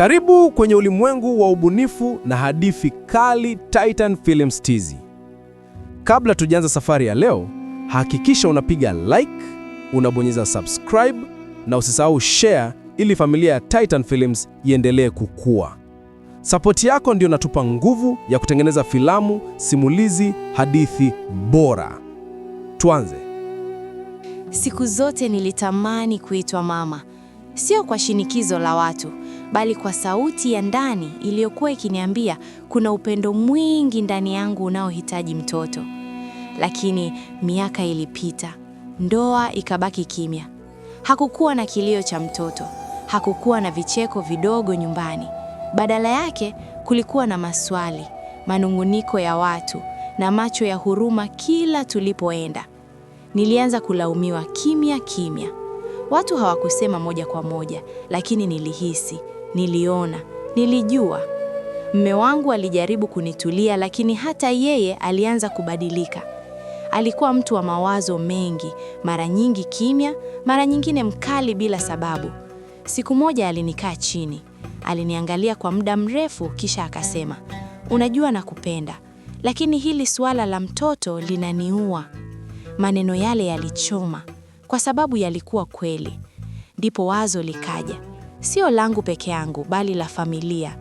Karibu kwenye ulimwengu wa ubunifu na hadithi kali titan Films TZ. Kabla tujaanza safari ya leo, hakikisha unapiga like, unabonyeza subscribe na usisahau share ili familia ya titan Films iendelee kukua. Sapoti yako ndio inatupa nguvu ya kutengeneza filamu, simulizi, hadithi bora. Tuanze. Siku zote nilitamani kuitwa mama sio kwa shinikizo la watu, bali kwa sauti ya ndani iliyokuwa ikiniambia kuna upendo mwingi ndani yangu unaohitaji mtoto. Lakini miaka ilipita, ndoa ikabaki kimya. Hakukuwa na kilio cha mtoto, hakukuwa na vicheko vidogo nyumbani. Badala yake kulikuwa na maswali, manunguniko ya watu na macho ya huruma kila tulipoenda. Nilianza kulaumiwa kimya kimya. Watu hawakusema moja kwa moja, lakini nilihisi, niliona, nilijua. Mme wangu alijaribu kunitulia, lakini hata yeye alianza kubadilika. Alikuwa mtu wa mawazo mengi, mara nyingi kimya, mara nyingine mkali bila sababu. Siku moja alinikaa chini, aliniangalia kwa muda mrefu, kisha akasema, unajua nakupenda, lakini hili suala la mtoto linaniua. Maneno yale yalichoma, kwa sababu yalikuwa kweli. Ndipo wazo likaja, sio langu peke yangu, bali la familia,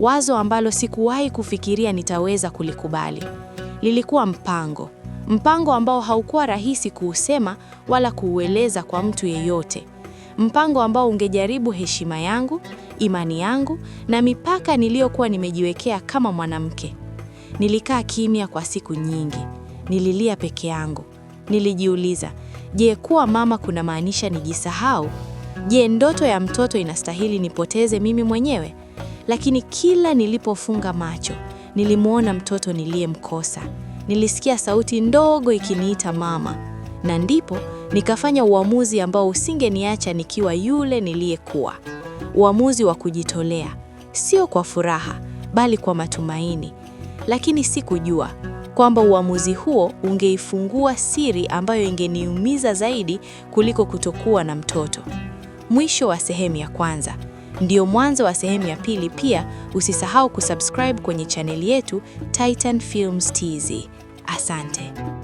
wazo ambalo sikuwahi kufikiria nitaweza kulikubali. Lilikuwa mpango, mpango ambao haukuwa rahisi kuusema wala kuueleza kwa mtu yeyote, mpango ambao ungejaribu heshima yangu, imani yangu na mipaka niliyokuwa nimejiwekea kama mwanamke. Nilikaa kimya kwa siku nyingi, nililia peke yangu, nilijiuliza Je, kuwa mama kunamaanisha nijisahau? Je, ndoto ya mtoto inastahili nipoteze mimi mwenyewe? Lakini kila nilipofunga macho, nilimwona mtoto niliyemkosa. Nilisikia sauti ndogo ikiniita mama, na ndipo nikafanya uamuzi ambao usingeniacha nikiwa yule niliyekuwa. Uamuzi wa kujitolea, sio kwa furaha, bali kwa matumaini. Lakini sikujua kwamba uamuzi huo ungeifungua siri ambayo ingeniumiza zaidi kuliko kutokuwa na mtoto. Mwisho wa sehemu ya kwanza ndio mwanzo wa sehemu ya pili. Pia usisahau kusubscribe kwenye chaneli yetu titan Films TZ. Asante.